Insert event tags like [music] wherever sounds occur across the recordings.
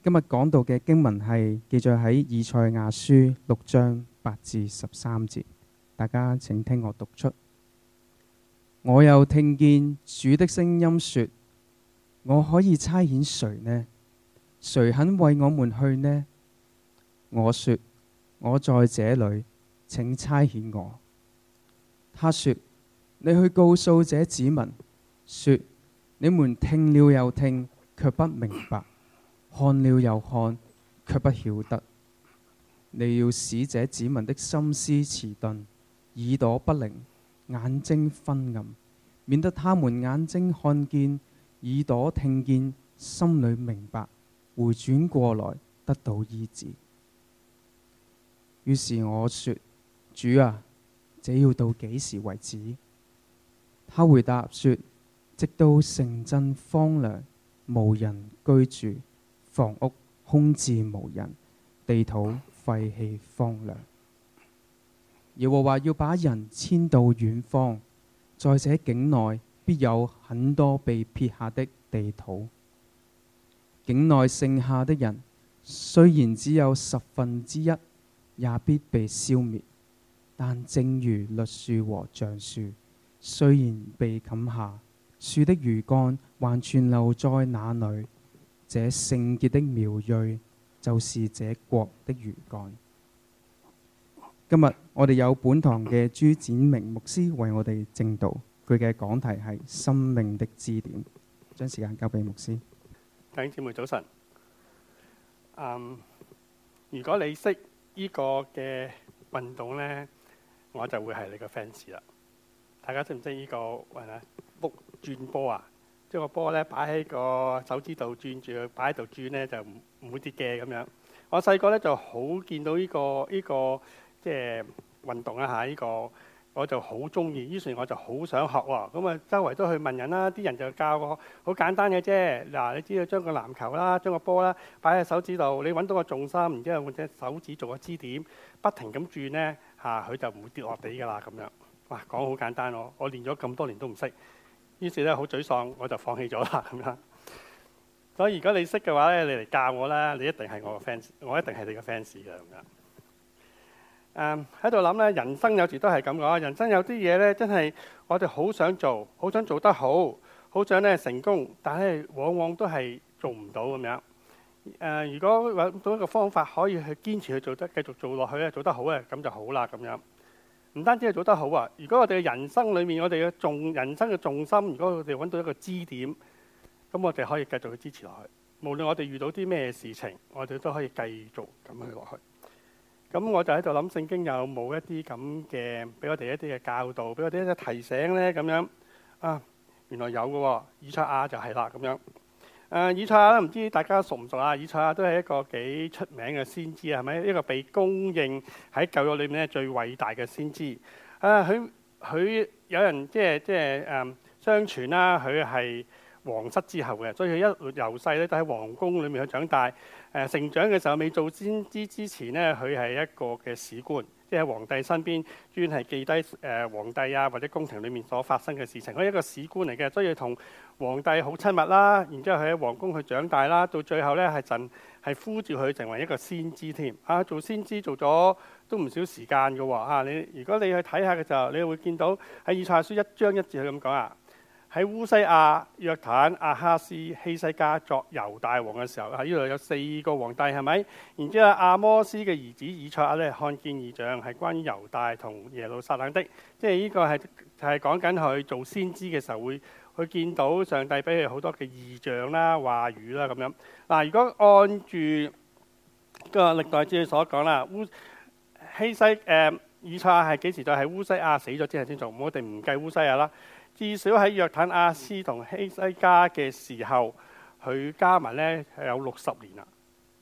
今日講到嘅經文係記載喺以賽亞書六章八至十三節，大家請聽我讀出。我又聽見主的聲音說：我可以差遣誰呢？誰肯為我們去呢？我說：我在這裏，請差遣我。他說：你去告訴這子民，說你們聽了又聽，卻不明白。看了又看，卻不曉得你要使這子民的心思遲鈍，耳朵不靈，眼睛昏暗，免得他們眼睛看見，耳朵聽見，心裏明白，回轉過來得到醫治。於是我說：主啊，這要到幾時為止？他回答說：直到城鎮荒涼，無人居住。房屋空置無人，地土廢棄荒涼。耶和華要把人遷到遠方，在這境內必有很多被撇下的地土。境內剩下的人雖然只有十分之一，也必被消滅。但正如栗樹和橡樹雖然被砍下，樹的餘幹還存留在那裏。這聖潔的苗裔，就是這國的餘幹。今日我哋有本堂嘅朱展明牧師為我哋證道，佢嘅講題係《生命的支點》。將時間交俾牧師。弟兄姊妹早晨。嗯，如果你識呢個嘅運動呢，我就會係你個 fans 啦。大家識唔識呢個係咪？伏轉波啊！即係個波咧，擺喺個手指度轉住，擺喺度轉咧就唔唔會跌嘅咁樣。我細個咧就好見到呢個呢個即係運動啊！嚇，呢個我就好中意，於是我就好想學喎。咁啊，周圍都去問人啦，啲人就教我好簡單嘅啫。嗱，你知道將個籃球啦，將個波啦擺喺手指度，你揾到個重心，然之後用隻手指做個支點，不停咁轉咧嚇，佢就唔會跌落地㗎啦咁樣。哇，講好簡單喎！我練咗咁多年都唔識。於是咧，好沮喪，我就放棄咗啦咁樣。 [laughs] 所以如果你識嘅話咧，你嚟教我啦，你一定係我個 fans，我一定係你個 fans 嘅咁樣。誒喺度諗咧，人生有時都係咁講，人生有啲嘢咧，真係我哋好想做，好想做得好，好想咧成功，但係往往都係做唔到咁樣。誒、呃，如果揾到一個方法可以去堅持去做得，繼續做落去咧，做得好咧，咁就好啦咁樣。唔單止係做得好啊！如果我哋嘅人生裏面，我哋嘅重人生嘅重心，如果我哋揾到一個支點，咁我哋可以繼續去支持落去。無論我哋遇到啲咩事情，我哋都可以繼續咁去落去。咁的我就喺度諗聖經有冇一啲咁嘅，俾我哋一啲嘅教導，俾我哋一啲提醒呢？咁樣啊，原來有嘅喎，以賽亞就係啦，咁樣。誒、嗯、以賽亞唔知大家熟唔熟啊？以賽亞都係一個幾出名嘅先知啊，係咪一個被公認喺教育裏面咧最偉大嘅先知？啊，佢佢有人即係即係誒、嗯、相傳啦，佢係皇室之後嘅，所以佢一由細咧都喺皇宮裏面去長大。誒、呃、成長嘅時候，未做先知之前咧，佢係一個嘅史官。即係皇帝身邊專係記低誒皇帝啊或者宮廷裡面所發生嘅事情。佢一個史官嚟嘅，所以同皇帝好親密啦、啊。然之佢喺皇宮去長大啦、啊，到最後咧係神係呼召佢成為一個先知添。啊，做先知做咗都唔少時間嘅喎。你如果你去睇下嘅時候，你會見到喺《史記》書一章一節去咁講啊。喺烏西亞、約坦、亞哈斯、希西家作猶大王嘅時候，喺呢度有四個皇帝係咪？然之後，亞摩斯嘅兒子以賽亞咧看見異象，係關於猶大同耶路撒冷的，即係呢個係係講緊佢做先知嘅時候會去見到上帝俾佢好多嘅異象啦、話語啦咁樣。嗱，如果按住個歷代志所講啦，希西誒以賽亞係幾時就喺烏西亞死咗之後先做，我哋唔計烏西亞啦。至少喺約坦阿斯、同希西家嘅時候，佢加埋咧係有六十年啦。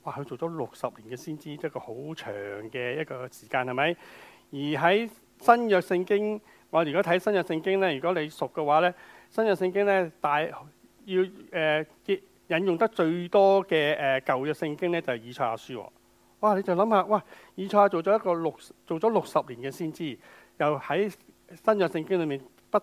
哇！佢做咗六十年嘅先知，一個好長嘅一個時間係咪？而喺新約聖經，我哋如果睇新約聖經咧，如果你熟嘅話咧，新約聖經咧大要誒、呃、引用得最多嘅誒舊約聖經咧，就係、是、以賽亞書哇！你就諗下哇，以賽亞做咗一個六做咗六十年嘅先知，又喺新約聖經裏面不。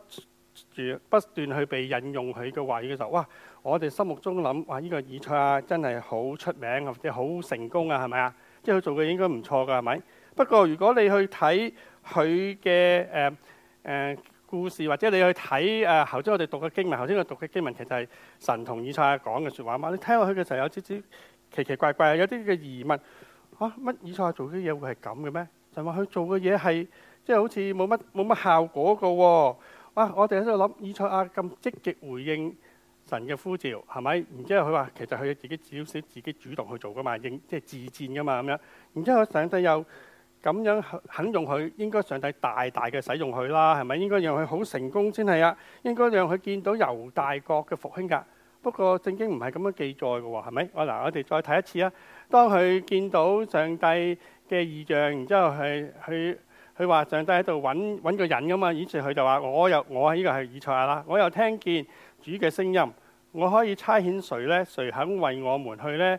住不斷去被引用佢嘅話語嘅時候，哇！我哋心目中諗哇，呢、這個以賽亞真係好出名，或者好成功啊，係咪啊？即係佢做嘅應該唔錯㗎，係咪？不過如果你去睇佢嘅誒誒故事，或者你去睇誒頭先我哋讀嘅經文，頭先我讀嘅經文其實係神同以賽亞講嘅説話嘛。你聽落去嘅時候有啲啲奇奇怪怪，有啲嘅疑問嚇乜？啊、以賽亞做啲嘢會係咁嘅咩？就話佢做嘅嘢係即係好似冇乜冇乜效果㗎、哦。哇！我哋喺度諗，以賽亞咁積極回應神嘅呼召，係咪？然之後佢話，其實佢自己少少自己主動去做噶嘛，應即係自薦噶嘛咁樣。然之後上帝又咁樣肯用佢，應該上帝大大嘅使用佢啦，係咪？應該讓佢好成功先係啊！應該讓佢見到猶大國嘅復興噶。不過正經唔係咁樣記載嘅喎，係咪？我嗱，我哋再睇一次啊！當佢見到上帝嘅異象，然之後係佢。佢話上帝喺度揾揾個人噶嘛，於是佢就話：我又我喺呢個係以賽亞啦，我又聽見主嘅聲音，我可以差遣誰咧？誰肯為我們去咧？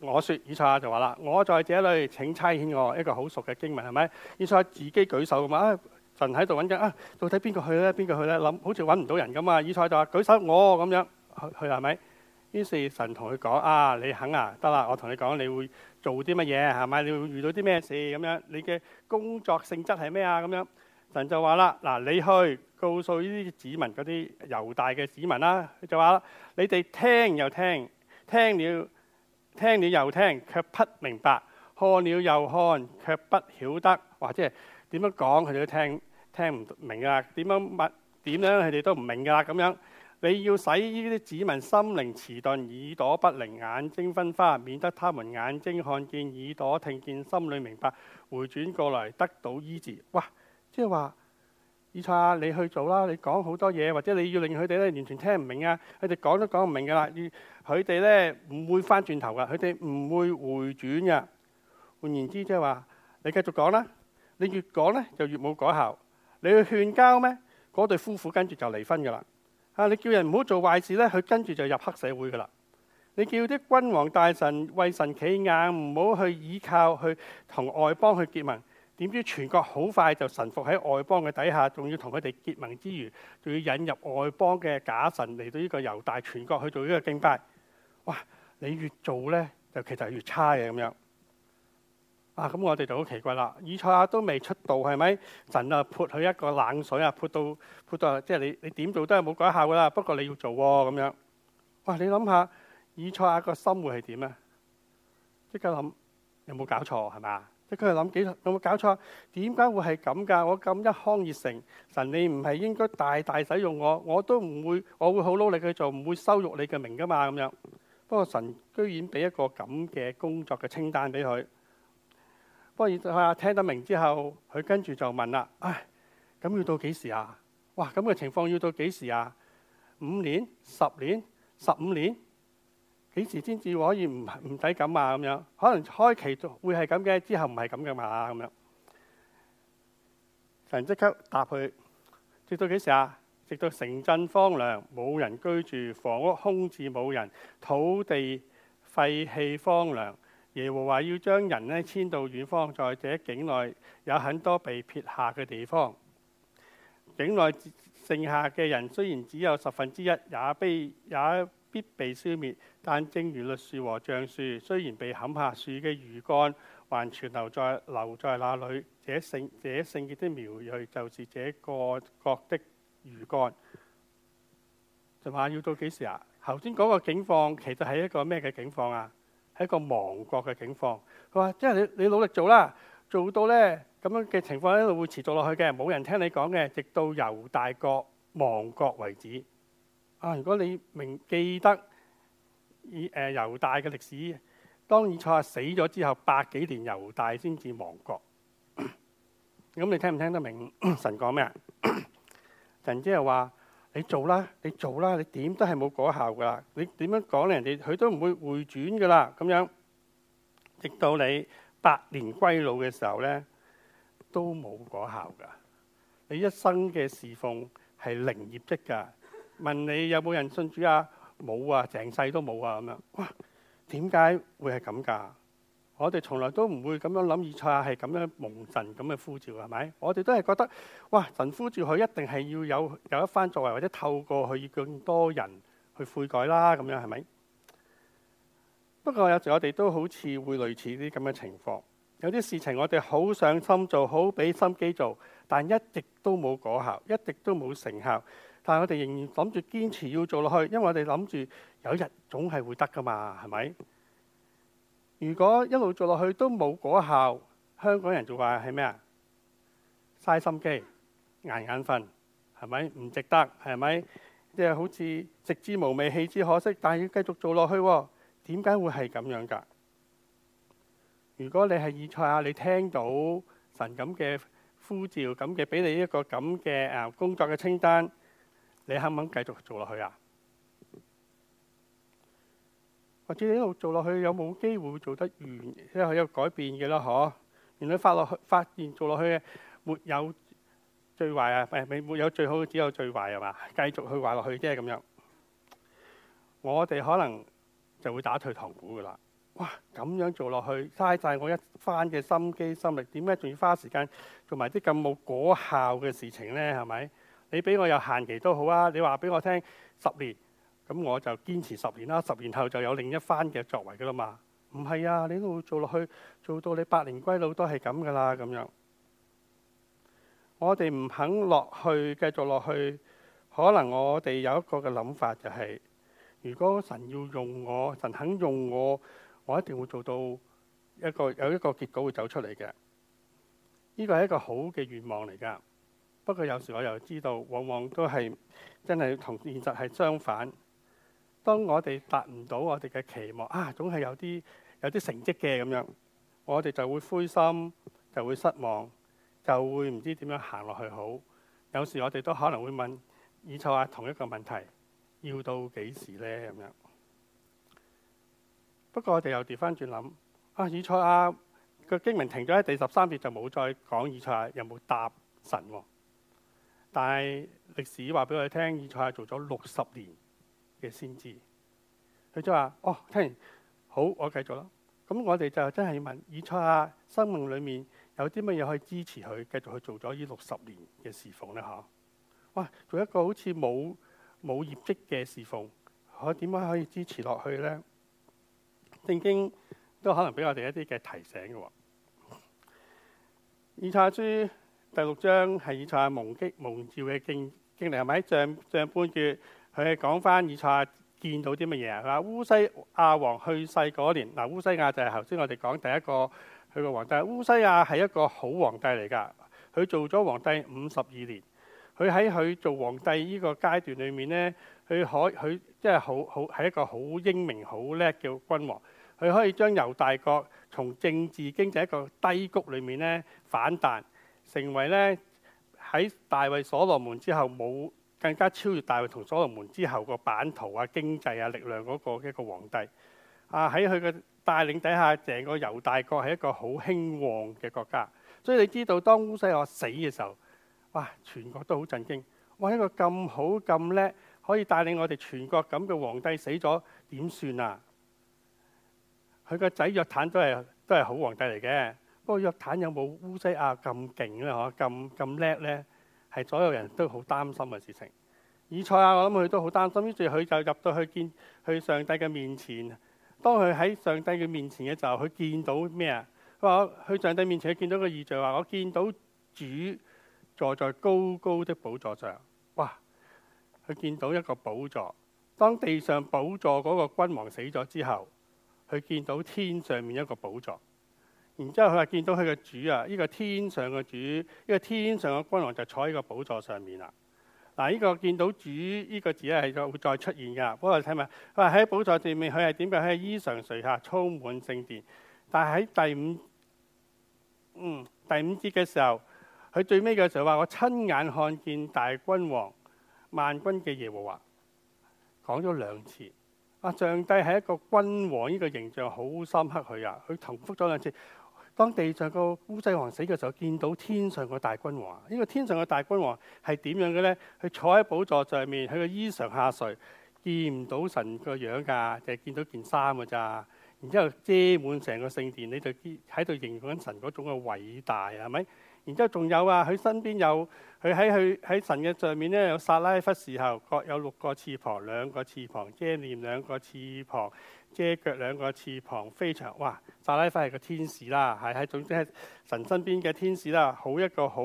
我説：以賽亞就話啦，我在這裡請差遣我，一個好熟嘅經文係咪？以賽亞自己舉手咁嘛？啊，神喺度揾緊啊，到底邊個去咧？邊個去咧？諗好似揾唔到人咁嘛。」以賽亞就話：舉手我咁樣去去係咪？於是神同佢講：啊，你肯啊？得啦，我同你講，你會做啲乜嘢係咪？你會遇到啲咩事咁樣？你嘅工作性質係咩啊？咁樣神就話啦：嗱、啊，你去告訴呢啲子民嗰啲猶大嘅子民啦。啊、就話啦：你哋聽又聽，聽了聽了，聽了又聽，卻不明白；看了又看，卻不曉得，或者點樣講佢哋都聽聽唔明㗎。點樣乜點樣佢哋都唔明㗎咁樣。你要使呢啲子民心靈遲鈍，耳朵不靈，眼睛分花，免得他們眼睛看見，耳朵聽見，心裏明白，回轉過來得到醫治。哇！即係話，以賽你去做啦！你講好多嘢，或者你要令佢哋咧完全聽唔明啊，佢哋講都講唔明噶啦。佢哋咧唔會翻轉頭噶，佢哋唔會回轉嘅。換言之，即係話你繼續講啦，你越講咧就越冇改效。你去勸交咩？嗰對夫婦跟住就離婚噶啦。啊！你叫人唔好做壞事咧，佢跟住就入黑社會噶啦。你叫啲君王大臣為神企硬，唔好去倚靠去同外邦去結盟。點知全國好快就臣服喺外邦嘅底下，仲要同佢哋結盟之餘，仲要引入外邦嘅假神嚟到呢個猶大全國去做呢個敬拜。哇！你越做咧，就其實係越差嘅咁樣。啊！咁我哋就好奇怪啦。以賽亞都未出道，係咪神啊？潑佢一個冷水啊！潑到潑到，即係你你點做都係冇改效㗎啦。不過你要做咁樣哇！你諗下以賽亞個心會係點咧？即刻諗有冇搞錯係嘛？即刻佢諗幾有冇搞錯？點解會係咁㗎？我咁一腔熱誠，神你唔係應該大大使用我？我都唔會，我會好努力去做，唔會羞辱你嘅名㗎嘛？咁樣，不過神居然俾一個咁嘅工作嘅清單俾佢。不過啊，聽得明之後，佢跟住就問啦：唉，咁要到幾時啊？哇，咁嘅情況要到幾時啊？五年、十年、十五年，幾時先至可以唔唔使咁啊？咁樣可能開期會係咁嘅，之後唔係咁嘅嘛？咁樣神即刻答佢：直到幾時啊？直到城鎮荒涼，冇人居住，房屋空置冇人，土地廢棄荒涼。耶和華要將人咧遷到遠方，在這境內有很多被撇下嘅地方。境內剩下嘅人雖然只有十分之一，也必也必被消滅。但正如栗樹和橡樹，雖然被砍下樹魚竿，樹嘅餘幹還存留在留在那裏。這聖這聖潔的苗裔就是這個國的餘幹。就話要到幾時啊？頭先嗰個境況其實係一個咩嘅境況啊？喺一個亡國嘅境況，佢話：即係你你努力做啦，做到呢，咁樣嘅情況一路會持續落去嘅，冇人聽你講嘅，直到猶大國亡國為止。啊！如果你明記得以誒、呃、猶大嘅歷史，當以賽亞死咗之後百幾年猶大先至亡國。咁、 [coughs] 嗯、你聽唔聽得明神講咩？ [coughs] 神即係話。你做啦，你做啦，你點都係冇果效噶。你點樣講咧？人哋佢都唔會回轉噶啦。咁樣直到你百年歸老嘅時候呢，都冇果效噶。你一生嘅侍奉係零業績噶。問你有冇人信主啊？冇啊，成世都冇啊。咁樣哇，點解會係咁噶？我哋從來都唔會咁樣諗，以賽亞係咁樣蒙神咁嘅呼召，係咪？我哋都係覺得，哇！神呼召佢一定係要有有一番作為，或者透過佢去更多人去悔改啦，咁樣係咪？不過有時我哋都好似會類似啲咁嘅情況，有啲事情我哋好上心做，好俾心機做，但一直都冇果效，一直都冇成效，但係我哋仍然諗住堅持要做落去，因為我哋諗住有一日總係會得㗎嘛，係咪？如果一路做落去，都冇果效，香港人就話係咩啊？或者你一路做落去有冇機會做得完？即係有改變嘅咯，嗬？原來發落去、發現做落去，沒有最壞啊，唔係未沒有最好，只有最壞係嘛？繼續去壞落去即係咁樣，我哋可能就會打退堂鼓噶啦。哇！咁樣做落去，嘥晒我一番嘅心機心力，點解仲要花時間做埋啲咁冇果效嘅事情咧？係咪？你俾我有限期都好啊！你話俾我聽十年。咁我就堅持十年啦，十年後就有另一番嘅作為噶啦嘛。唔係啊，你都會做落去，做到你百年歸老都係咁噶啦咁樣。我哋唔肯落去，繼續落去，可能我哋有一個嘅諗法就係：如果神要用我，神肯用我，我一定會做到一個有一個結果會走出嚟嘅。呢個係一個好嘅願望嚟噶。不過有時我又知道，往往都係真係同現實係相反。當我哋達唔到我哋嘅期望，啊，總係有啲有啲成績嘅咁樣，我哋就會灰心，就會失望，就會唔知點樣行落去好。有時我哋都可能會問以賽亞同一個問題，要到幾時呢？咁樣。不過我哋又調翻轉諗，啊，以賽亞嘅經文停咗喺第十三節，就冇再講以賽亞有冇答神喎。但係歷史話俾我哋聽，以賽亞做咗六十年。嘅先知，佢就話：哦，聽完好，我繼續啦。咁我哋就真係要問，以賽亞生命裏面有啲乜嘢可以支持佢繼續去做咗呢六十年嘅侍奉咧？吓，哇，做一個好似冇冇業績嘅侍奉，我點樣可以支持落去咧？聖經都可能俾我哋一啲嘅提醒嘅。以賽亞書第六章係以賽亞蒙擊蒙召嘅經經歷係咪？上上半月。佢係講翻以賽亞見到啲乜嘢嗱，烏西亞王去世嗰年，嗱，烏西亞就係頭先我哋講第一個佢個皇帝。烏西亞係一個好皇帝嚟㗎，佢做咗皇帝五十二年。佢喺佢做皇帝呢個階段裏面呢，佢可佢即係好好係一個好英明、好叻嘅君王。佢可以將猶大國從政治經濟一個低谷裏面呢反彈，成為呢喺大衛所羅門之後冇。更加超越大衛同所羅門之後個版圖啊、經濟啊、力量嗰個一個皇帝啊，喺佢嘅帶領底下，成個猶大國係一個好興旺嘅國家。所以你知道，當烏西亞死嘅時候，哇，全國都好震驚。哇，一個咁好咁叻，可以帶領我哋全國咁嘅皇帝死咗，點算啊？佢個仔約坦都係都係好皇帝嚟嘅，不過約坦有冇烏西亞咁勁咧？嗬咁咁叻咧？係所有人都好擔心嘅事情。以賽亞我諗佢都好擔心，跟住佢就入到去見去上帝嘅面前。當佢喺上帝嘅面前嘅時候，佢見到咩啊？佢話去上帝面前佢見到個異象，話我見到主坐在高高的寶座上。哇！佢見到一個寶座。當地上寶座嗰個君王死咗之後，佢見到天上面一個寶座。然之後佢話見到佢個主啊，呢個天上個主，呢個天上個君王就坐喺個寶座上面啦。嗱，呢個見到主呢個字係再會再出現噶。不過睇埋，佢話喺寶座正面，佢係點樣喺衣上垂下充滿聖殿。但係喺第五嗯第五節嘅時候，佢最尾嘅時候話：我親眼看見大君王萬軍嘅耶和華，講咗兩次。阿上帝係一個君王呢個形象好深刻佢啊，佢重複咗兩次。當地上個烏西雅王死嘅時候，見到天上個大君王。呢、這個天上嘅大君王係點樣嘅咧？佢坐喺寶座上面，佢個衣裳下垂，見唔到神個樣㗎，就係見到件衫㗎咋。然之後遮滿成個聖殿，你就喺度形容緊神嗰種嘅偉大啊，係咪？然之後仲有啊，佢身邊有佢喺佢喺神嘅上面咧，有撒拉弗侍候，各有六個翅膀，兩個翅膀，遮係臉兩個翅膀。遮腳兩個翅膀飛翔，哇！撒拉弗係個天使啦，係喺總之係神身邊嘅天使啦，好一個好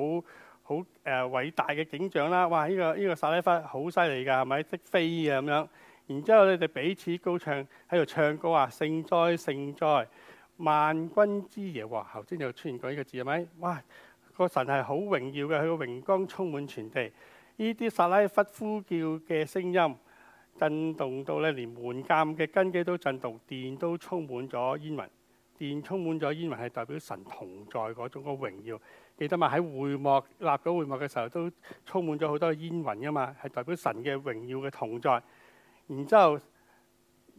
好誒、呃、偉大嘅景象啦，哇！呢、這個呢、這個撒拉弗好犀利㗎，係咪識飛啊咁樣？然之後你哋彼此高唱喺度唱歌啊，聖哉聖哉，萬軍之耶！哇！頭先就出現過呢個字係咪？哇！這個神係好榮耀嘅，佢個榮光充滿全地。呢啲撒拉弗呼叫嘅聲音。震動到咧，連門檻嘅根基都震動，殿都充滿咗煙雲。殿充滿咗煙雲係代表神同在嗰種嘅榮耀。記得嘛？喺會幕立咗會幕嘅時候都充滿咗好多煙雲吖嘛，係代表神嘅榮耀嘅同在。然之後，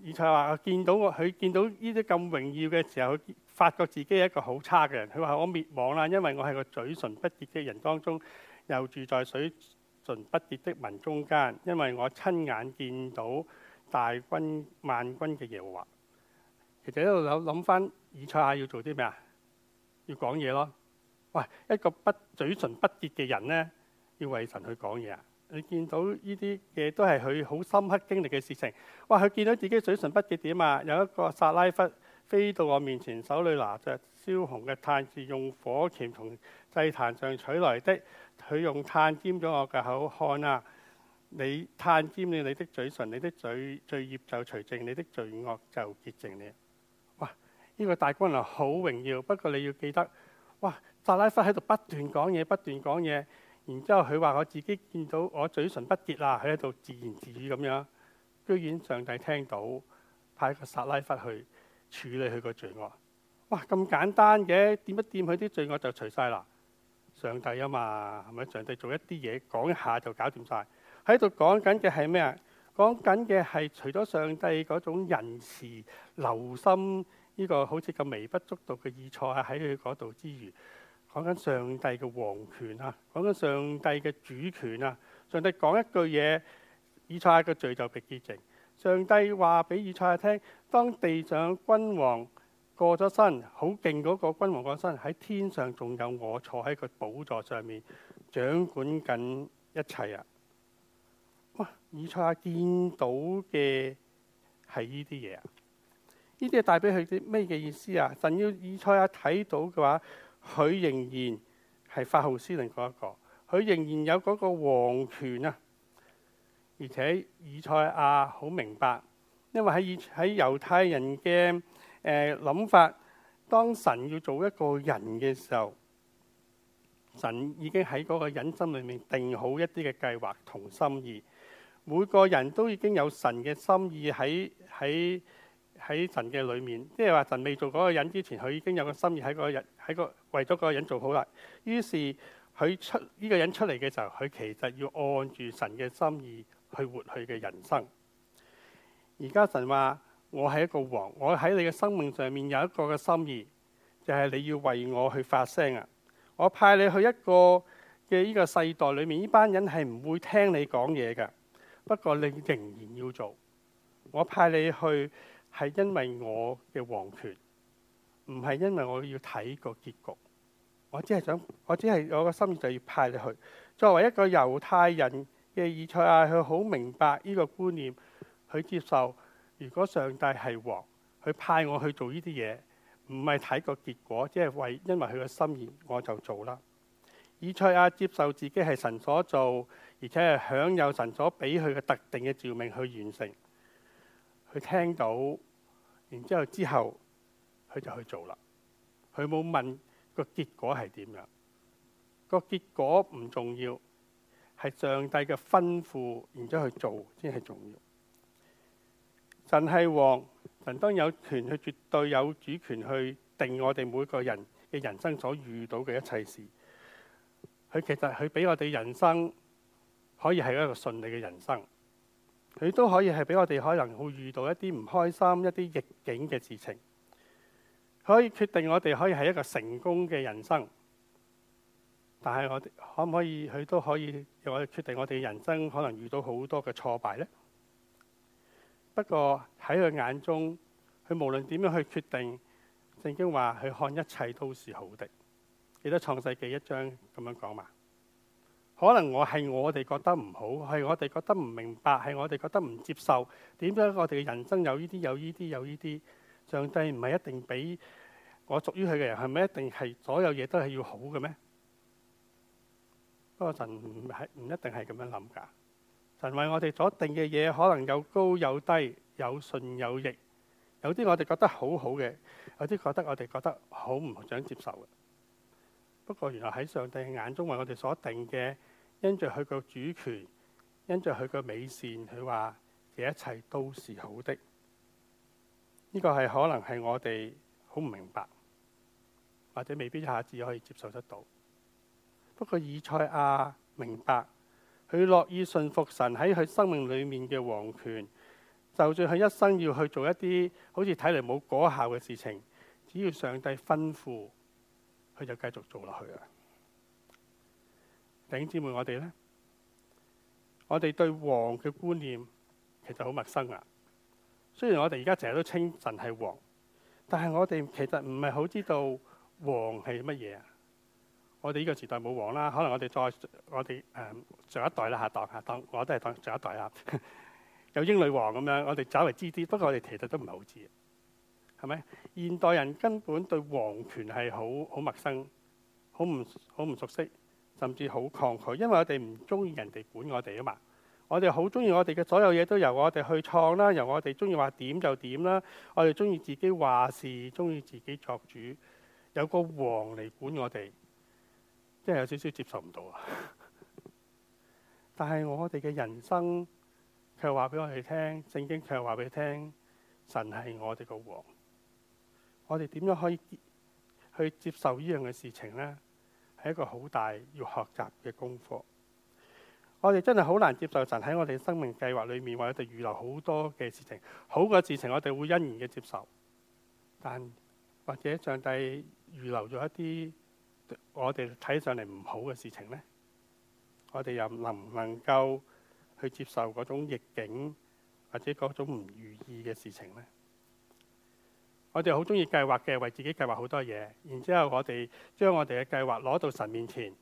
而且話見到佢見到呢啲咁榮耀嘅時候，佢發覺自己係一個好差嘅人。佢話：我滅亡啦，因為我係個嘴唇不潔嘅人當中，又住在水。唇不潔的民中間，因為我親眼見到大軍萬軍嘅耶和華，其實一路諗諗翻，以賽亞要做啲咩啊？要講嘢咯。喂，一個不嘴唇不潔嘅人咧，要為神去講嘢。你見到呢啲嘅都係佢好深刻經歷嘅事情。哇，佢見到自己嘴唇不潔點啊？有一個撒拉弗。飛到我面前，手裏拿著燒紅嘅炭字，用火鉗同祭壇上取來的。佢用炭沾咗我嘅口，看啊！你炭沾了你的嘴唇，你的嘴罪罪孽就除淨，你的罪惡就潔淨。你哇！呢、這個大君王好榮耀。不過你要記得，哇！撒拉芬喺度不斷講嘢，不斷講嘢，然之後佢話：我自己見到我嘴唇不潔啦。佢喺度自言自語咁樣，居然上帝聽到派個撒拉芬去處理佢個罪惡！哇，咁簡單嘅，掂一掂佢啲罪惡就除晒啦！上帝啊嘛，係咪？上帝做一啲嘢，講一下就搞掂晒。喺度講緊嘅係咩啊？講緊嘅係除咗上帝嗰種仁慈、留心呢個好似咁微不足道嘅以賽亞啊，喺佢嗰度之餘，講緊上帝嘅皇權啊，講緊上帝嘅主權啊，上帝講一句嘢，以賽亞一個罪就潔淨。上帝話俾以賽亞聽：當地上君王過咗身，好勁嗰個君王過身，喺天上仲有我坐喺個寶座上面掌管緊一切啊！哇！以賽亞見到嘅係呢啲嘢啊，呢啲係帶俾佢啲咩嘅意思啊？神要以賽亞睇到嘅話，佢仍然係發號施令嗰、那、一個，佢仍然有嗰個王權啊！而且以賽亞好明白，因為喺以喺猶太人嘅誒諗法，當神要做一個人嘅時候，神已經喺嗰個人心裏面定好一啲嘅計劃同心意。每個人都已經有神嘅心意喺喺喺神嘅裏面，即係話神未做嗰個人之前，佢已經有個心意喺、嗰個人喺個為咗個人做好啦。於是佢出呢、呢個人出嚟嘅時候，佢其實要按住神嘅心意。去活佢嘅人生。而家神話我係一個王，我喺你嘅生命上面有一個嘅心意，就係你要為我去發聲啊！我派你去一個嘅呢個世代裏面，呢班人係唔會聽你講嘢噶。不過你仍然要做。我派你去係因為我嘅王權，唔係因為我要睇個結局。我只係想，我只係我嘅心意就要派你去。作為一個猶太人。嘅以賽亞佢好明白呢個觀念，佢接受如果上帝係王，佢派我去做呢啲嘢，唔係睇個結果，只係為因為佢個心意，我就做啦。以賽亞接受自己係神所做，而且係享有神所俾佢嘅特定嘅召命去完成。佢聽到，然之後之後，佢就去做啦。佢冇問個結果係點樣，個結果唔重要。係上帝嘅吩咐，然之後去做先係重要。神係王，神當有權，佢絕對有主權去定我哋每個人嘅人生所遇到嘅一切事。佢其實佢俾我哋人生可以係一個順利嘅人生，佢都可以係俾我哋可能會遇到一啲唔開心、一啲逆境嘅事情。可以決定我哋可以係一個成功嘅人生。但係，我哋可唔可以？佢都可以，由我哋決定我哋嘅人生，可能遇到好多嘅挫敗呢？不過喺佢眼中，佢無論點樣去決定，聖經話去看一切都是好的。記得創世記一章咁樣講嘛。可能我係我哋覺得唔好，係我哋覺得唔明白，係我哋覺得唔接受。點解我哋嘅人生有呢啲、有呢啲、有呢啲？上帝唔係一定俾我屬於佢嘅人，係咪一定係所有嘢都係要好嘅咩？個神唔係唔一定係咁樣諗噶，神為我哋所定嘅嘢，可能有高有低，有順有逆，有啲我哋覺得好好嘅，有啲覺得我哋覺得好唔想接受嘅。不過原來喺上帝眼中為我哋所定嘅，因著佢個主權，因著佢個美善，佢話呢一切都是好的。呢個係可能係我哋好唔明白，或者未必一下子可以接受得到。不過以賽亞明白，佢樂意信服神喺佢生命裏面嘅王權，就算佢一生要去做一啲好似睇嚟冇果效嘅事情，只要上帝吩咐，佢就繼續做落去啊！弟兄姊妹，我哋呢，我哋對王嘅觀念其實好陌生啊。雖然我哋而家成日都稱神係王，但係我哋其實唔係好知道王係乜嘢。我哋呢個時代冇王啦，可能我哋再我哋誒上一代啦，下當下當我都係當上一代啊。有英女王咁樣，我哋稍微知啲，不過我哋其實都唔係好知，係咪現代人根本對王權係好好陌生、好唔好唔熟悉，甚至好抗拒，因為我哋唔中意人哋管我哋啊嘛。我哋好中意我哋嘅所有嘢都由我哋去創啦，由我哋中意話點就點啦。我哋中意自己話事，中意自己作主，有個王嚟管我哋。即係有少少接受唔到啊！ [laughs] 但係我哋嘅人生，卻話俾我哋聽，聖經卻話俾你聽，神係我哋嘅王。我哋點樣可以去接受呢樣嘅事情呢？係一個好大要學習嘅功課。我哋真係好難接受神喺我哋生命計劃裏面，為我哋預留好多嘅事情。好嘅事情，我哋會欣然嘅接受，但或者上帝預留咗一啲。我哋睇上嚟唔好嘅事情呢，我哋又能唔能夠去接受嗰種逆境或者嗰種唔如意嘅事情呢？我哋好中意計劃嘅，為自己計劃好多嘢，然之後我哋將我哋嘅計劃攞到神面前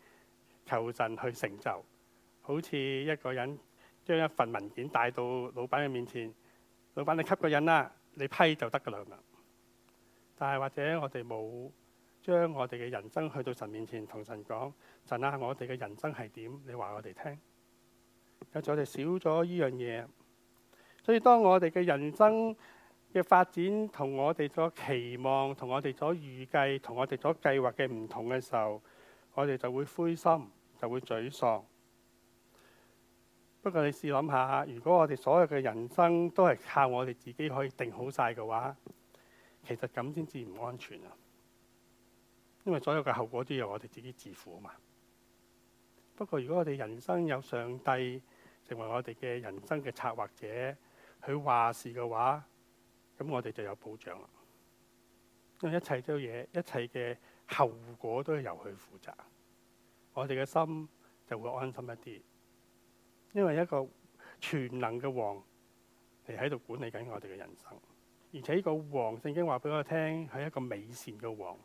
求神去成就，好似一個人將一份文件帶到老闆嘅面前，老闆，你吸個人啦，你批就得噶啦。但係或者我哋冇。將我哋嘅人生去到神面前，同神講：陣下，我哋嘅人生係點？你話我哋聽。有咗，我哋少咗依樣嘢，所以當我哋嘅人生嘅發展同我哋所期望、我我我同我哋所預計、同我哋所計劃嘅唔同嘅時候，我哋就會灰心，就會沮喪。不過你試諗下，如果我哋所有嘅人生都係靠我哋自己可以定好晒嘅話，其實咁先至唔安全啊！因為所有嘅後果都由我哋自己自負啊嘛。不過，如果我哋人生有上帝成為我哋嘅人生嘅策劃者，佢話事嘅話，咁我哋就有保障啦。因為一切都嘢，一切嘅後果都係由佢負責，我哋嘅心就會安心一啲。因為一個全能嘅王係喺度管理緊我哋嘅人生，而且呢個王聖經話俾我聽，係一個美善嘅王。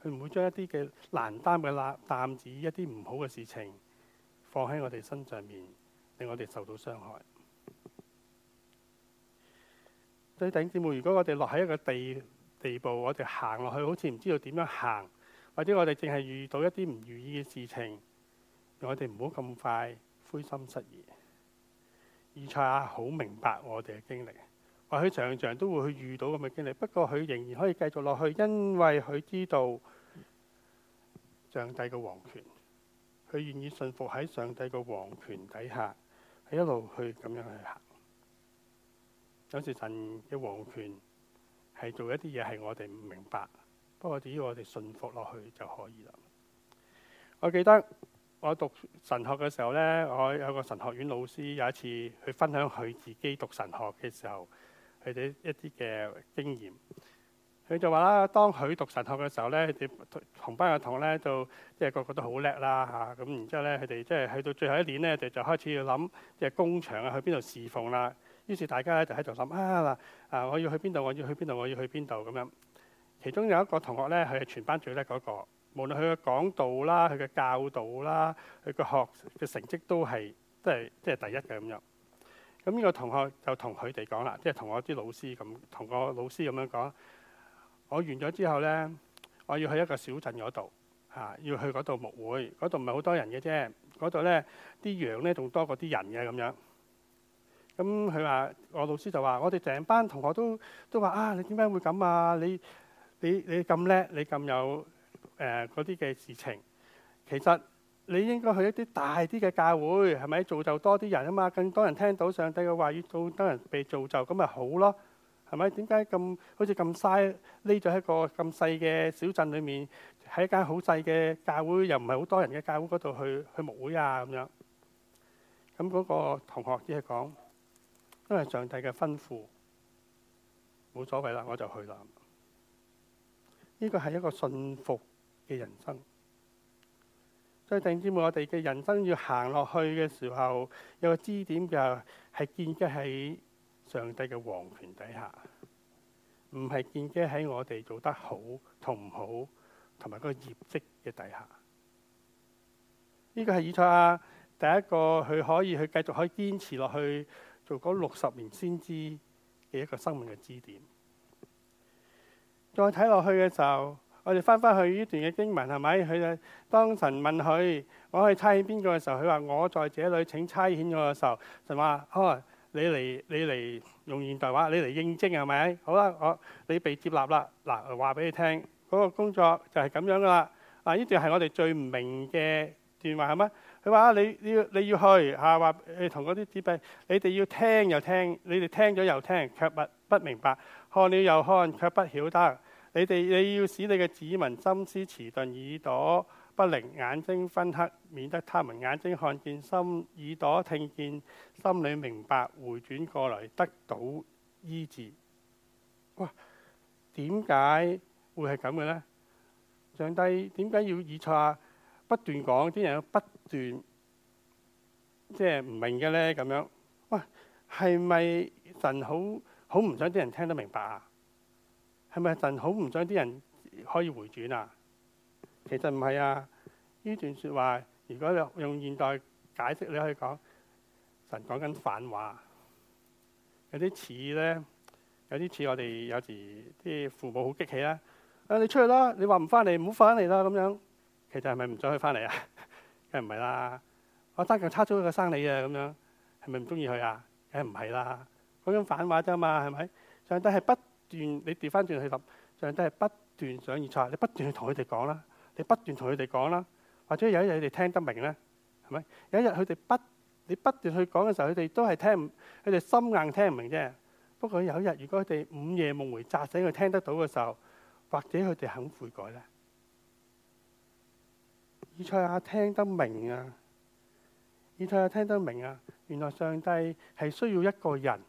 佢唔會將一啲嘅難擔嘅擔子、一啲唔好嘅事情放喺我哋身上面，令我哋受到傷害。對，弟兄姊妹，如果我哋落喺一個地地步，我哋行落去好似唔知道點樣行，或者我哋淨係遇到一啲唔如意嘅事情，我哋唔好咁快灰心失意。以賽亞好明白我哋嘅經歷。話佢常常都會去遇到咁嘅經歷，不過佢仍然可以繼續落去，因為佢知道上帝嘅皇權，佢願意信服喺上帝嘅皇權底下，佢一路去咁樣去行。有時神嘅皇權係做一啲嘢係我哋唔明白，不過只要我哋信服落去就可以啦。我記得我讀神學嘅時候呢，我有個神學院老師有一次去分享佢自己讀神學嘅時候。佢哋一啲嘅經驗，佢就話啦：當佢讀神學嘅時候咧，佢哋同班嘅同學咧，就即係個個都好叻啦嚇。咁、啊、然之後咧，佢哋即係去到最後一年咧，就就開始要諗，即係工場啊，去邊度侍奉啦。於是大家咧就喺度諗啊嗱啊，我要去邊度？我要去邊度？我要去邊度咁樣。其中有一個同學咧，係全班最叻嗰個，無論佢嘅講道啦、佢嘅教導啦、佢嘅學嘅成績都係即係都係第一嘅咁樣。咁呢個同學就同佢哋講啦，即係同我啲老師咁，同個老師咁樣講。我完咗之後呢，我要去一個小鎮嗰度，嚇、啊，要去嗰度牧會。嗰度唔係好多人嘅啫，嗰度呢啲羊呢仲多過啲人嘅咁樣。咁佢話：我老師就話，我哋成班同學都都話啊，你點解會咁啊？你你你咁叻，你咁有誒嗰啲嘅事情，其實。你應該去一啲大啲嘅教會，係咪造就多啲人啊嘛？更多人聽到上帝嘅話語，更多人被造就，咁咪好咯？係咪？點解咁好似咁嘥匿咗喺一個咁細嘅小鎮裏面，喺間好細嘅教會，又唔係好多人嘅教會嗰度去去牧會啊？咁樣咁嗰、嗰個同學即係講，因為上帝嘅吩咐，冇所謂啦，我就去啦。呢個係一個信服嘅人生。所以弟兄姊妹，我哋嘅人生要行落去嘅時候，有個支點就係、是、建基喺上帝嘅皇權底下，唔係建基喺我哋做得好同唔好，同埋個業績嘅底下。呢個係以賽亞！第一個佢可以去繼續可以堅持落去做嗰六十年先知嘅一個生命嘅支點。再睇落去嘅時候。我哋返返去呢段嘅經文係咪？佢喺當神問佢，我去差遣邊個嘅時候，佢話我在這裏請差遣我嘅時候，神話：好你嚟，你嚟，你用現代話，你嚟應徵係咪？好啦，我你被接納啦。嗱，話俾你聽，嗰、那個工作就係咁樣噶啦。啊，呢段係我哋最唔明嘅段話係咪？佢話：你你要你要去嚇，你同嗰啲子弟，你哋要聽又聽，你哋聽咗又聽，卻不不明白；看了又看，卻不曉得。你哋你要使你嘅子民心思遲鈍，耳朵不靈，眼睛昏黑，免得他們眼睛看見心，心耳朵聽見，心裏明白，回轉過來得到醫治。哇！點解會係咁嘅呢？上帝點解要以賽亞不斷講，啲人不斷即係唔明嘅呢？咁樣，喂，係咪神好好唔想啲人聽得明白啊？係咪神好唔想啲人可以回轉啊？其實唔係啊。呢段説話，如果你用現代解釋，你可以講神講緊反話。有啲似咧，有啲似我哋有時啲父母好激氣啦。啊，你出去啦！你話唔翻嚟，唔好翻嚟啦咁樣。其實係咪唔想佢翻嚟啊？梗係唔係啦？我單腳差咗，我生你啊咁樣。係咪唔中意佢啊？梗係唔係啦？講緊反話啫嘛，係咪？上帝係不斷你跌翻轉去諗，上帝係不斷想以賽亞，你不斷去同佢哋講啦，你不斷同佢哋講啦，或者有一日佢哋聽得明咧，係咪？有一日佢哋不，你不斷去講嘅時候，佢哋都係聽唔，佢哋心硬聽唔明啫。不過有一日，如果佢哋午夜夢回，乍醒佢聽得到嘅時候，或者佢哋肯悔改咧，以賽亞聽得明啊！以賽亞聽得明啊！原來上帝係需要一個人。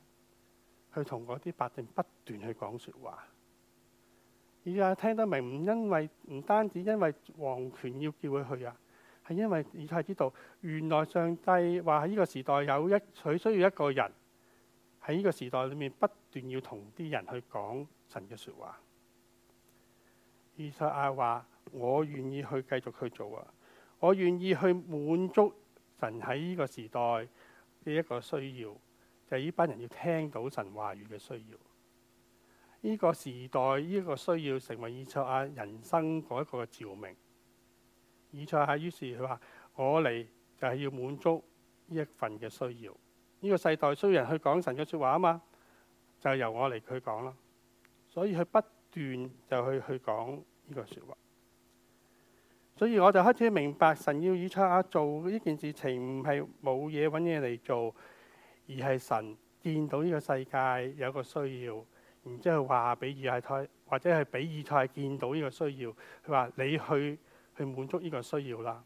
去同嗰啲百姓不斷去講說話，而家聽得明，唔因為唔單止因為王權要叫佢去啊，係因為而家知道原來上帝話喺呢個時代有一佢需要一個人喺呢個時代裏面不斷要同啲人去講神嘅說話。以賽亞話，我願意去繼續去做啊，我願意去滿足神喺呢個時代嘅一個需要。就係呢班人要聽到神話語嘅需要，呢個時代呢個需要成為以賽亞人生嗰一個嘅照明。以賽亞於是佢話：我嚟就係要滿足呢一份嘅需要。呢個世代需要人去講神嘅説話啊嘛，就由我嚟去講啦。所以佢不斷就去去講呢個説話。所以我就開始明白神要以賽亞做呢件事情，唔係冇嘢揾嘢嚟做。而係神見到呢個世界有一個需要，然之後話俾以賽亞，或者係俾以賽見到呢個需要，佢話你去去滿足呢個需要啦。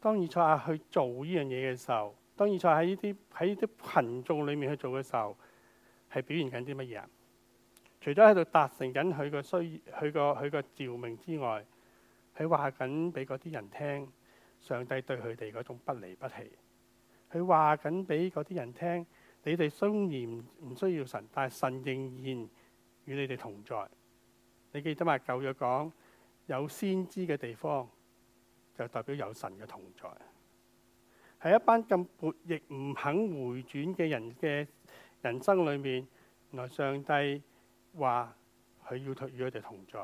當以賽亞去做呢樣嘢嘅時候，當以賽喺呢啲喺呢啲群眾裏面去做嘅時候，係表現緊啲乜嘢啊？除咗喺度達成緊佢個需，佢個佢個召命之外，佢話緊俾嗰啲人聽，上帝對佢哋嗰種不離不棄。佢話緊俾嗰啲人聽，你哋雖然唔需要神，但係神仍然與你哋同在。你記得嘛？舊約講有先知嘅地方，就代表有神嘅同在。喺一班咁悖逆唔肯回轉嘅人嘅人生裏面，原來上帝話佢要與佢哋同在，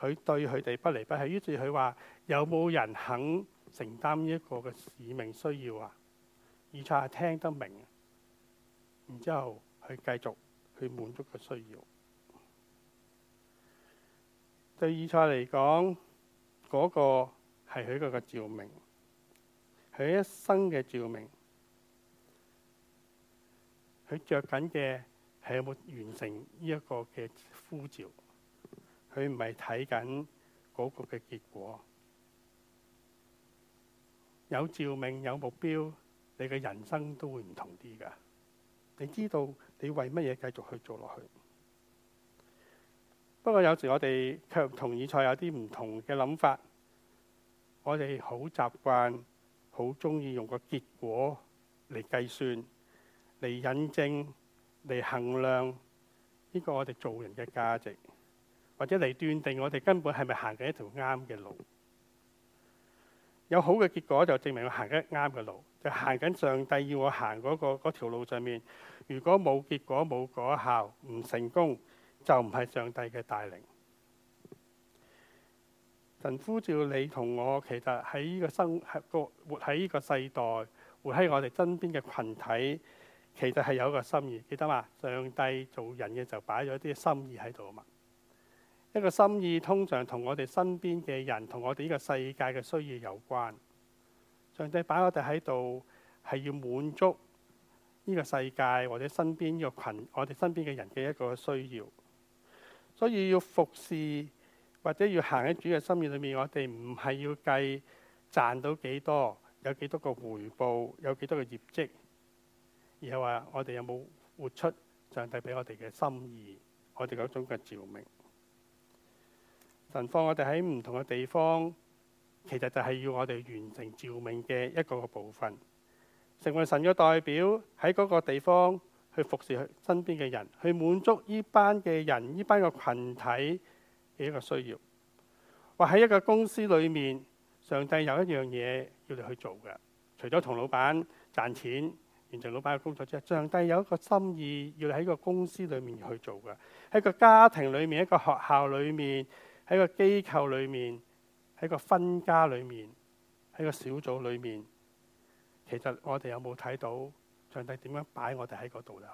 佢對佢哋不離不棄。於是佢話：有冇人肯承擔一個嘅使命需要啊？以賽係聽得明，然之後去繼續去滿足佢需要。對以賽嚟講，嗰、嗰個係佢嗰個嘅照明，佢一生嘅照明。佢着緊嘅係有冇完成呢一個嘅呼召？佢唔係睇緊嗰個嘅結果，有照明有目標。你嘅人生都會唔同啲㗎。你知道你為乜嘢繼續去做落去？不過有時我哋卻同以賽亞有啲唔同嘅諗法。我哋好習慣，好中意用個結果嚟計算、嚟引證、嚟衡量呢個我哋做人嘅價值，或者嚟斷定我哋根本係咪行緊一條啱嘅路。有好嘅結果就證明我行緊啱嘅路。就行緊上帝要我行嗰個嗰條路上面，如果冇結果冇果效唔成功，就唔係上帝嘅帶領。神呼召你同我，其實喺呢個生活喺呢個世代，活喺我哋身邊嘅群體，其實係有一個心意，記得嘛？上帝造人嘅就擺咗啲心意喺度啊嘛！一個心意通常同我哋身邊嘅人同我哋呢個世界嘅需要有關。上帝擺我哋喺度，係要滿足呢個世界或者身邊呢個群，我哋身邊嘅人嘅一個需要。所以要服侍，或者要行喺主嘅心意裏面，我哋唔係要計賺到幾多，有幾多個回報，有幾多個業績，而係話我哋有冇活出上帝俾我哋嘅心意，我哋嗰種嘅召命。神放我哋喺唔同嘅地方。其實就係要我哋完成召命嘅一個個部分，成為神嘅代表喺嗰個地方去服侍佢身邊嘅人，去滿足呢班嘅人，呢班嘅群體嘅一個需要。或喺一個公司裏面，上帝有一樣嘢要你去做嘅，除咗同老闆賺錢，完成老闆嘅工作之外，上帝有一個心意要你喺個公司裏面去做嘅，喺個家庭裏面，一個學校裏面、喺個機構裏面。喺個分家裏面，喺個小組裏面，其實我哋有冇睇到上帝點樣擺我哋喺嗰度咧？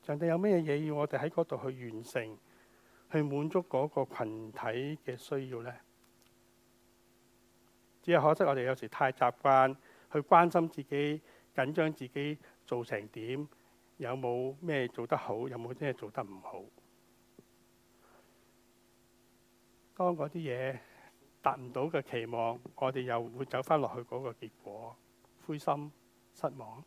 上帝有咩嘢要我哋喺嗰度去完成，去滿足嗰個群體嘅需要呢？只係可惜我哋有時太習慣去關心自己，緊張自己做成點，有冇咩做得好，有冇咩做得唔好。當嗰啲嘢。達唔到嘅期望，我哋又會走翻落去嗰個結果，灰心失望。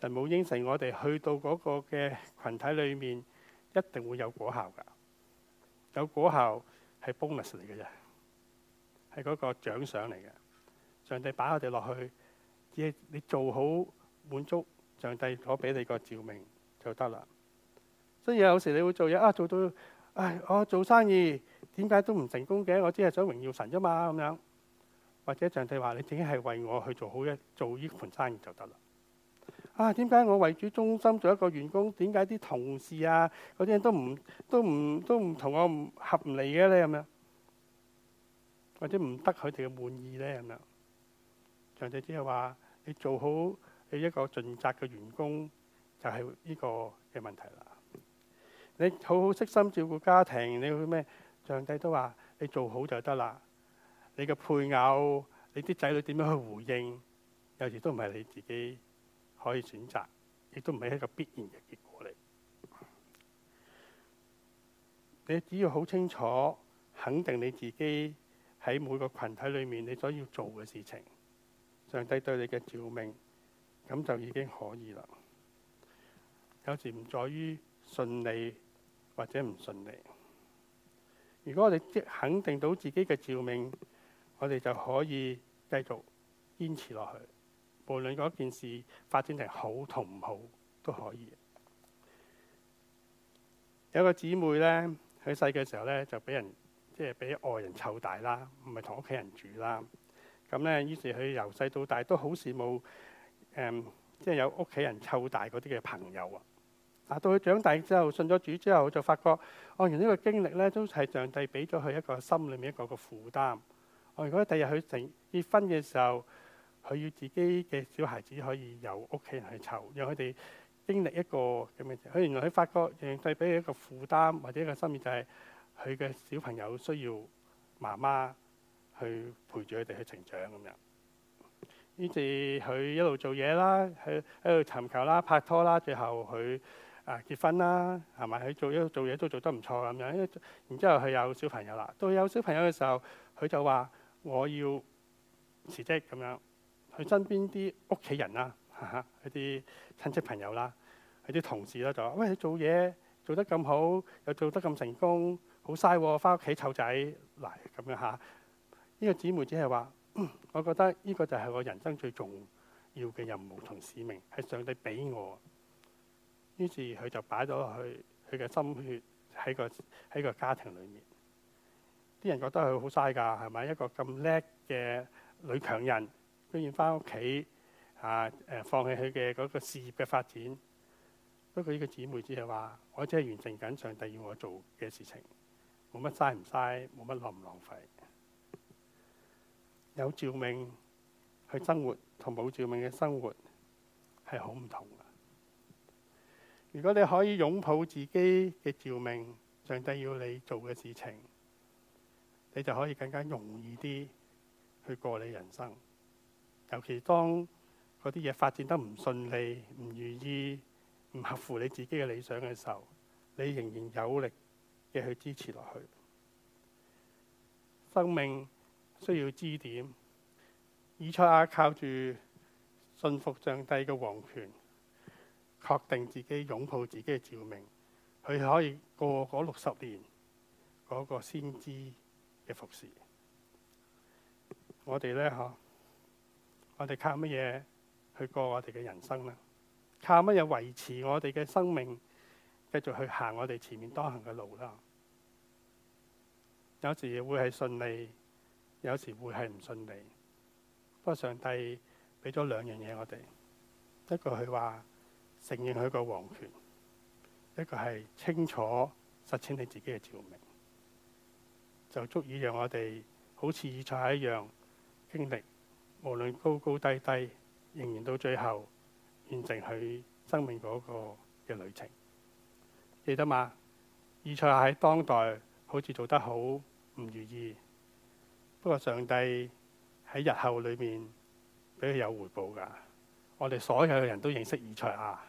人冇應承我哋去到嗰個嘅群體裏面，一定會有果效㗎。有果效係 bonus 嚟嘅啫，係嗰個獎賞嚟嘅。上帝擺我哋落去，只係你做好滿足上帝所俾你個照明就得啦。所以有時你會做嘢啊，做到唉，我做生意。點解都唔成功嘅？我只係想榮耀神啫嘛，咁樣或者上帝話你自己係為我去做好一做呢盤生意就得啦。啊，點解我為主忠心做一個員工？點解啲同事啊嗰啲人都唔都唔都唔同我唔合唔嚟嘅咧？咁樣或者唔得佢哋嘅滿意咧？咁樣上帝只係話你做好你一個盡責嘅員工就係、是、呢個嘅問題啦。你好好悉心照顧家庭，你會咩？上帝都話你做好就得啦。你嘅配偶，你啲仔女點樣去回應，有時都唔係你自己可以選擇，亦都唔係一個必然嘅結果嚟。你只要好清楚，肯定你自己喺每個群體裏面你所要做嘅事情，上帝對你嘅召命咁就已經可以啦。有時唔在於順利或者唔順利。如果我哋即肯定到自己嘅召命，我哋就可以繼續堅持落去，無論嗰件事發展成好同唔好都可以。有個姊妹呢，佢細嘅時候呢，就俾人即係俾外人湊大啦，唔係同屋企人住啦。咁呢，於是佢由細到大都好羨慕，即、嗯、係、即係、有屋企人湊大嗰啲嘅朋友啊。嗱，到佢長大之後，信咗主之後，就發覺，哦，原來呢個經歷咧，都係上帝俾咗佢一個心裏面一個個負擔。我、哦、如果第日佢成結婚嘅時候，佢要自己嘅小孩子可以由屋企人去湊，讓佢哋經歷一個咁嘅嘢。佢原來佢發覺，上帝俾佢一個負擔，或者一個心意，就係佢嘅小朋友需要媽媽去陪住佢哋去成長咁樣。於是佢一路做嘢啦，喺喺度尋求啦，拍拖啦，最後佢。啊結婚啦係咪？佢做一做嘢都做得唔錯咁樣。然之後佢有小朋友啦。到有小朋友嘅時候，佢就話：我要辭職咁樣。佢身邊啲屋企人啦，哈哈，佢啲親戚朋友啦，佢啲同事咧，就話：喂，你做嘢做得咁好，又做得咁成功，好嘥喎！翻屋企湊仔，嗱咁樣嚇。呢、這個姊妹只係話：我覺得呢個就係我人生最重要嘅任務同使命，係上帝俾我。於是佢就擺咗落去佢嘅心血喺個喺個家庭裏面。啲人覺得佢好嘥㗎，係咪一個咁叻嘅女強人，居然返屋企啊誒放棄佢嘅嗰個事業嘅發展？不過呢個姊妹只係話：我只係完成緊上帝要我做嘅事情，冇乜嘥唔嘥，冇乜浪唔浪費。有召命去生活同冇召命嘅生活係好唔同。如果你可以擁抱自己嘅召命，上帝要你做嘅事情，你就可以更加容易啲去過你人生。尤其當嗰啲嘢發展得唔順利、唔如意、唔合乎你自己嘅理想嘅時候，你仍然有力嘅去支持落去。生命需要支點，以賽亞、啊、靠住信服上帝嘅王權。確定自己擁抱自己嘅召命，佢可以過嗰六十年嗰個先知嘅服侍。我哋呢，嗬，我哋靠乜嘢去過我哋嘅人生咧？靠乜嘢維持我哋嘅生命，繼續去行我哋前面多行嘅路啦？有時會係順利，有時會係唔順利。不過上帝俾咗兩樣嘢我哋，一個佢話，承認佢個王權，一個係清楚實踐你自己嘅召命，就足以讓我哋好似以賽亞一樣經歷，無論高高低低，仍然到最後完成佢生命嗰個嘅旅程，記得嘛？以賽亞喺當代好似做得好唔如意，不過上帝喺日後裏面俾佢有回報噶。我哋所有嘅人都認識以賽亞啊！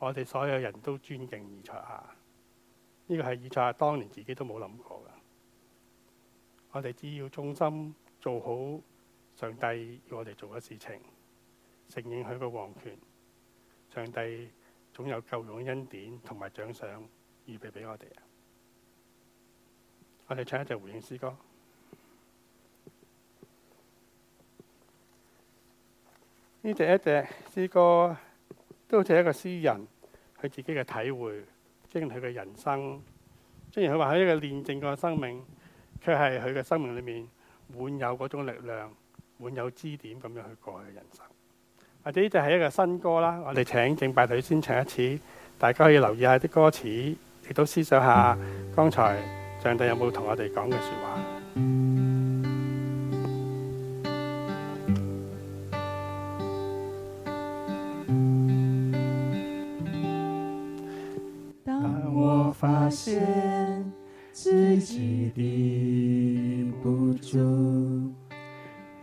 我哋所有人都尊敬以賽亞，呢個係以賽亞當年自己都冇諗過噶。我哋只要忠心做好上帝要我哋做嘅事情，承認佢個皇權，上帝總有夠用恩典同埋獎賞預備俾我哋啊！我哋唱一隻回應詩歌，呢隻一隻詩歌。都好似一個詩人，佢自己嘅體會，即係佢嘅人生。雖然佢話喺一個煉淨嘅生命，卻係佢嘅生命裏面滿有嗰種力量，滿有支點咁樣去過佢嘅人生。或者呢，就係一個新歌啦。我哋請正拜隊先唱一次，大家可以留意下啲歌詞，亦都思想下剛才上帝有冇同我哋講嘅說話。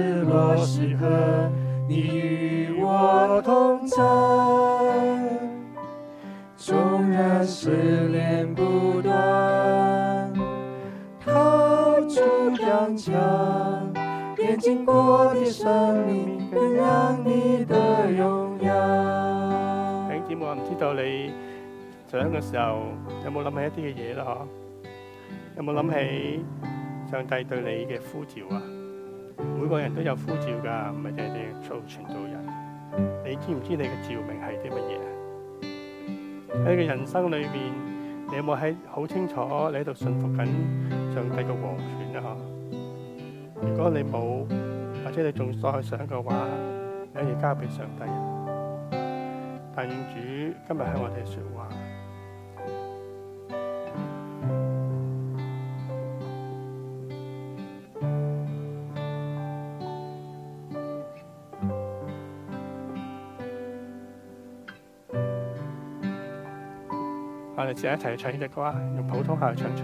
曾經我唔知道你上嘅時候有冇諗起一啲嘅嘢啦？嗬，有冇諗起上帝對你嘅呼召啊？每個人都有呼召噶，唔係淨係做傳道人。你知唔知你嘅召命係啲乜嘢？喺你嘅人生裏面，你有冇喺好清楚？你喺度信服緊上帝嘅王權啊？嗬！如果你冇，或者你仲再想嘅話，你可以交俾上帝。但願主今日向我哋說話。我哋一齊去唱呢隻歌，用普通話去唱出。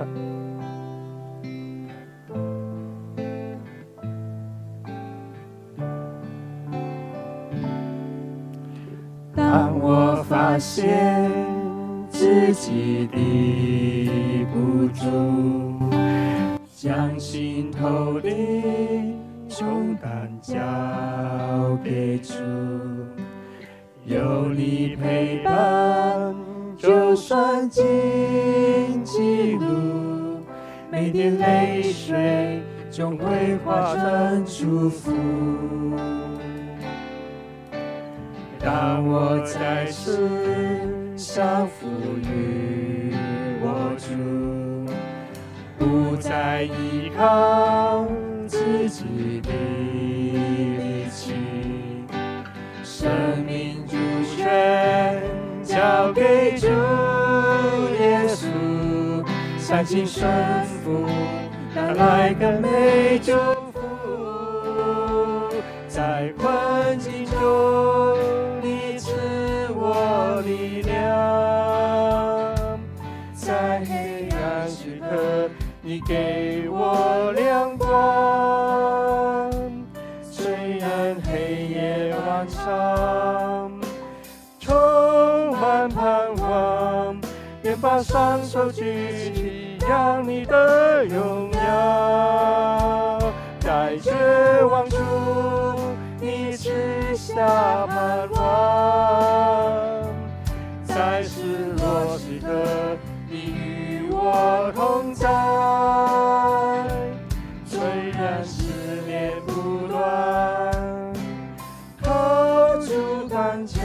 當我發現自己抵不住，將心頭的你淚水就會化成祝福，當我再次上服侍我主，不再依靠自己的力氣，生命主權交給主耶穌，相今生。帶來更美祝福，在困境中你賜我力量，在黑暗時刻你給我亮光。雖然黑夜漫長，充滿盼望，願把雙手舉起。讓你的榮耀，在絕望中你賜下盼望，在失落時刻你與我同在。雖然思念不斷，hold 住堅強，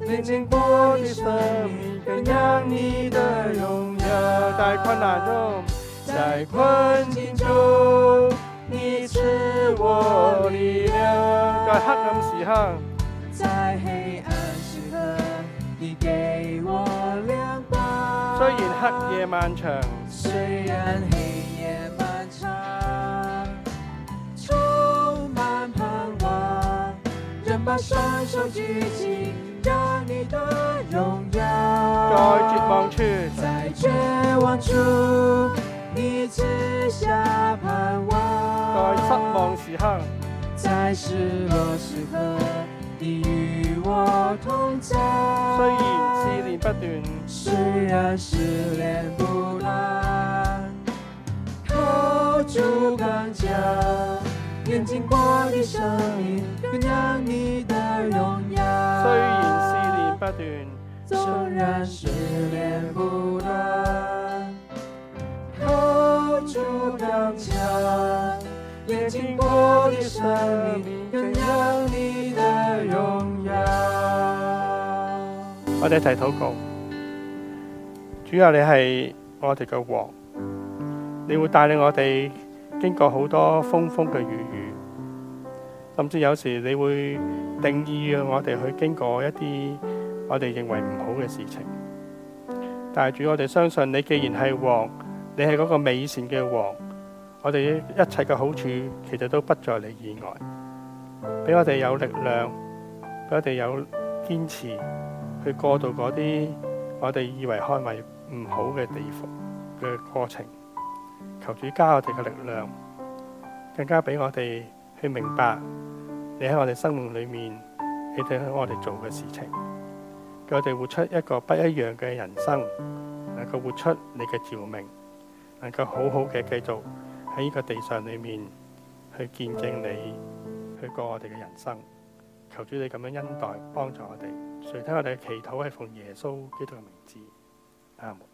歷經過的生命，你讓你的。在困難中，在困境中，你賜我力量。在黑暗時刻，在黑暗時刻，你給我亮光。雖然黑夜漫長，雖然黑夜漫長，充滿盼望，仍把雙手舉起。在絕望處，你只下盼望；在失望時刻，時時刻你與我同在。雖然思念不斷，雖然思念不斷，靠住剛強，聆聽我的聲音，聽見你的榮耀。不不然出更強經過你你有的榮耀。我哋在禱告，主要你係我哋嘅王，你會帶領我哋經過好多風風嘅雨雨，甚至有時你會定義我哋去經過一啲。我哋認為唔好嘅事情，但係主，我哋相信你既然係王，你係嗰個美善嘅王，我哋一切嘅好處其實都不在你以外，俾我哋有力量，俾我哋有堅持去過渡嗰啲我哋以為看為唔好嘅地方嘅過程。求主加我哋嘅力量，更加俾我哋去明白你喺我哋生命裏面你對喺我哋做嘅事情。我哋活出一個不一樣嘅人生，能夠活出你嘅照明，能夠好好嘅繼續喺呢個地上裏面去見證你，去過我哋嘅人生。求主你咁樣恩待幫助我哋，垂聽我哋嘅祈禱，係奉耶穌基督嘅名字。阿門。